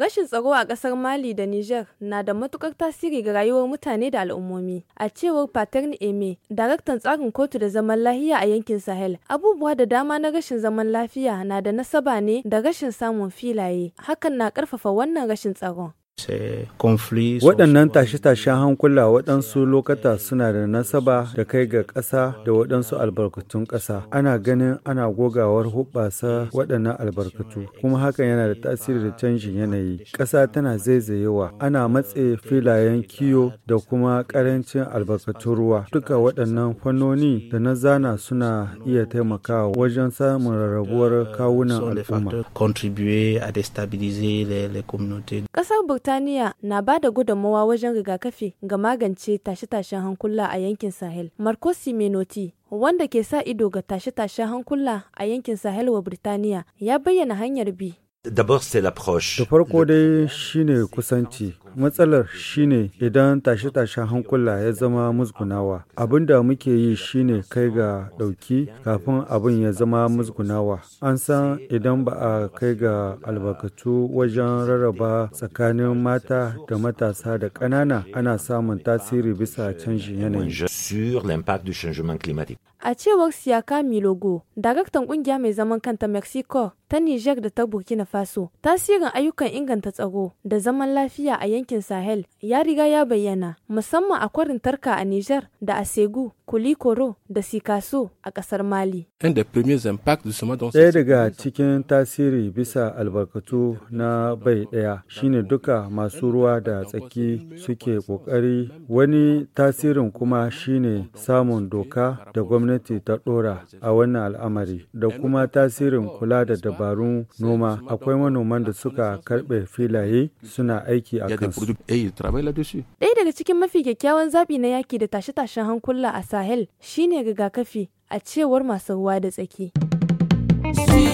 Rashin tsaro a ƙasar Mali da Niger na da matukar tasiri ga rayuwar mutane da al'ummomi. A cewar Paterni Eme, daraktan tsarin kotu da zaman lafiya a yankin Sahel, abubuwa da dama na rashin zaman lafiya na da nasaba ne da rashin samun filaye. Hakan na ƙarfafa wannan rashin tsaron. Waɗannan tashe-tashen hankula waɗansu lokata suna da nasaba da kai ga ƙasa da waɗansu albarkatun ƙasa. Ana ganin ana gogawar hubbasa waɗannan albarkatu, kuma hakan yana da tasiri da canjin yanayi. Ƙasa tana zaizayewa, ana matse filayen kiyo da kuma ƙarancin albarkatun ruwa. Duka waɗannan fannoni da na zana suna iya taimakawa wajen samun rarrabuwar kawunan al'umma. Ƙasar Birtaniya na ba da gudunmawa wajen rigakafi ga magance tashe-tashen hankula a yankin Sahel. Marco Simenoti, wanda ke sa ido ga tashe-tashen hankula a yankin Sahel wa Birtaniya, ya bayyana hanyar bi. Da farko dai shine kusanci Matsalar shine idan tashe-tashen hankula ya zama musgunawa. Abin da muke yi shine kai ga ɗauki kafin abin ya zama musgunawa. An san idan ba a kai ga albarkatu wajen rarraba tsakanin mata da matasa da ƙanana ana samun tasiri bisa canjin yanayi. A cewar Siyaka Milogo, daraktan kungiya mai zaman kanta Mexico ta niger da ta Burkina Faso, tasirin ayyukan inganta tsaro da zaman lafiya a yankin Sahel ya riga ya bayyana, musamman a kwarin Tarka a Nijar da a Segu. Kulikoro da Sikaso a ƙasar Mali. Ɗaya daga cikin tasiri bisa albarkatu na bai ɗaya shine duka masu ruwa da tsaki suke ƙoƙari wani tasirin kuma shine samun doka da gwamnati ta ɗora a wannan al'amari da kuma tasirin kula da dabarun noma akwai manoman da suka karɓe filaye suna aiki a kansu. Ɗaya daga cikin mafi kyakkyawan zaɓi na yaki da tashe-tashen hankula a sahel shine rigakafi a cewar masu ruwa da tsaki.